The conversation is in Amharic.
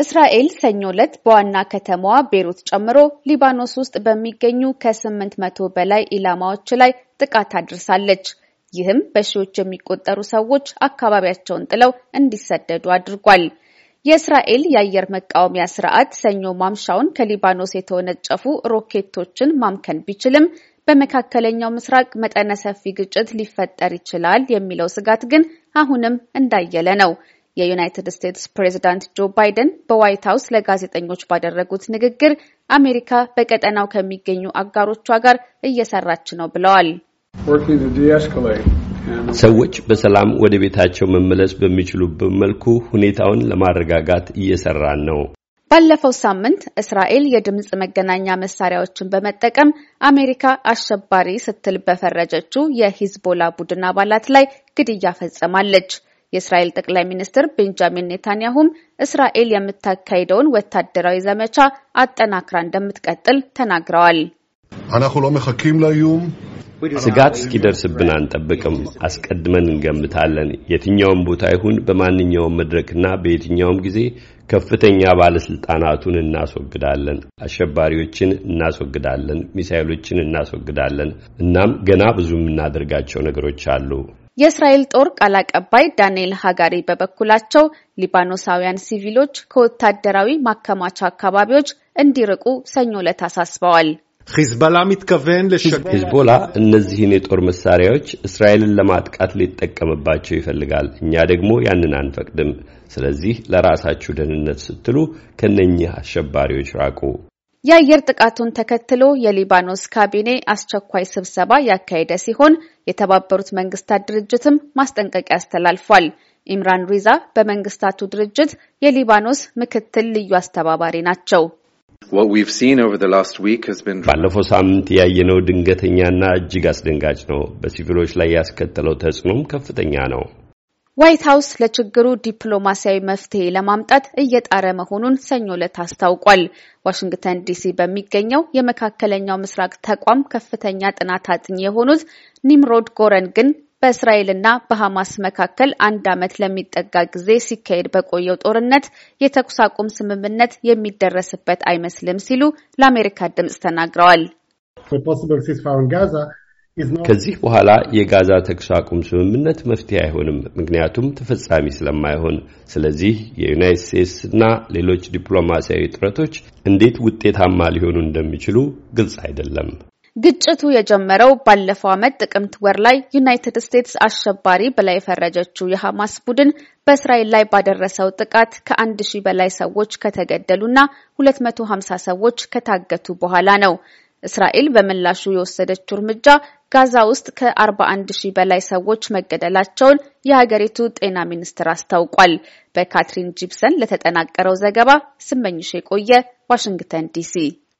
እስራኤል ሰኞ ዕለት በዋና ከተማዋ ቤሩት ጨምሮ ሊባኖስ ውስጥ በሚገኙ ከስምንት መቶ በላይ ኢላማዎች ላይ ጥቃት አድርሳለች። ይህም በሺዎች የሚቆጠሩ ሰዎች አካባቢያቸውን ጥለው እንዲሰደዱ አድርጓል። የእስራኤል የአየር መቃወሚያ ስርዓት ሰኞ ማምሻውን ከሊባኖስ የተወነጨፉ ሮኬቶችን ማምከን ቢችልም በመካከለኛው ምስራቅ መጠነ ሰፊ ግጭት ሊፈጠር ይችላል የሚለው ስጋት ግን አሁንም እንዳየለ ነው። የዩናይትድ ስቴትስ ፕሬዚዳንት ጆ ባይደን በዋይት ሀውስ ለጋዜጠኞች ባደረጉት ንግግር አሜሪካ በቀጠናው ከሚገኙ አጋሮቿ ጋር እየሰራች ነው ብለዋል። ሰዎች በሰላም ወደ ቤታቸው መመለስ በሚችሉበት መልኩ ሁኔታውን ለማረጋጋት እየሰራን ነው። ባለፈው ሳምንት እስራኤል የድምፅ መገናኛ መሳሪያዎችን በመጠቀም አሜሪካ አሸባሪ ስትል በፈረጀችው የሂዝቦላ ቡድን አባላት ላይ ግድያ ፈጽማለች። የእስራኤል ጠቅላይ ሚኒስትር ቤንጃሚን ኔታንያሁም እስራኤል የምታካሄደውን ወታደራዊ ዘመቻ አጠናክራ እንደምትቀጥል ተናግረዋል። ስጋት እስኪደርስብን አንጠብቅም። አስቀድመን እንገምታለን። የትኛውም ቦታ ይሁን፣ በማንኛውም መድረክና በየትኛውም ጊዜ ከፍተኛ ባለስልጣናቱን እናስወግዳለን፣ አሸባሪዎችን እናስወግዳለን፣ ሚሳይሎችን እናስወግዳለን። እናም ገና ብዙ የምናደርጋቸው ነገሮች አሉ። የእስራኤል ጦር ቃል አቀባይ ዳንኤል ሀጋሪ በበኩላቸው ሊባኖሳውያን ሲቪሎች ከወታደራዊ ማከማቻ አካባቢዎች እንዲርቁ ሰኞ ዕለት አሳስበዋል። ሂዝቦላ እነዚህን የጦር መሳሪያዎች እስራኤልን ለማጥቃት ሊጠቀምባቸው ይፈልጋል። እኛ ደግሞ ያንን አንፈቅድም። ስለዚህ ለራሳችሁ ደህንነት ስትሉ ከነኚህ አሸባሪዎች ራቁ። የአየር ጥቃቱን ተከትሎ የሊባኖስ ካቢኔ አስቸኳይ ስብሰባ ያካሄደ ሲሆን የተባበሩት መንግስታት ድርጅትም ማስጠንቀቂያ አስተላልፏል። ኢምራን ሪዛ በመንግስታቱ ድርጅት የሊባኖስ ምክትል ልዩ አስተባባሪ ናቸው። ባለፈው ሳምንት ያየነው ድንገተኛና እጅግ አስደንጋጭ ነው። በሲቪሎች ላይ ያስከተለው ተጽዕኖም ከፍተኛ ነው። ዋይት ሀውስ ለችግሩ ዲፕሎማሲያዊ መፍትሄ ለማምጣት እየጣረ መሆኑን ሰኞ ዕለት አስታውቋል። ዋሽንግተን ዲሲ በሚገኘው የመካከለኛው ምስራቅ ተቋም ከፍተኛ ጥናት አጥኚ የሆኑት ኒምሮድ ጎረን ግን በእስራኤልና በሐማስ መካከል አንድ ዓመት ለሚጠጋ ጊዜ ሲካሄድ በቆየው ጦርነት የተኩስ አቁም ስምምነት የሚደረስበት አይመስልም ሲሉ ለአሜሪካ ድምጽ ተናግረዋል። ከዚህ በኋላ የጋዛ ተኩስ አቁም ስምምነት መፍትሄ አይሆንም፣ ምክንያቱም ተፈጻሚ ስለማይሆን። ስለዚህ ስቴትስ እና ሌሎች ዲፕሎማሲያዊ ጥረቶች እንዴት ውጤታማ ሊሆኑ እንደሚችሉ ግልጽ አይደለም። ግጭቱ የጀመረው ባለፈው ዓመት ጥቅምት ወር ላይ ዩናይትድ ስቴትስ አሸባሪ ብላ የፈረጀችው የሐማስ ቡድን በእስራኤል ላይ ባደረሰው ጥቃት ከአንድ ሺህ በላይ ሰዎች ከተገደሉና 250 ሰዎች ከታገቱ በኋላ ነው። እስራኤል በምላሹ የወሰደችው እርምጃ ጋዛ ውስጥ ከ41 ሺህ በላይ ሰዎች መገደላቸውን የሀገሪቱ ጤና ሚኒስትር አስታውቋል። በካትሪን ጂፕሰን ለተጠናቀረው ዘገባ ስመኝሽ የቆየ ዋሽንግተን ዲሲ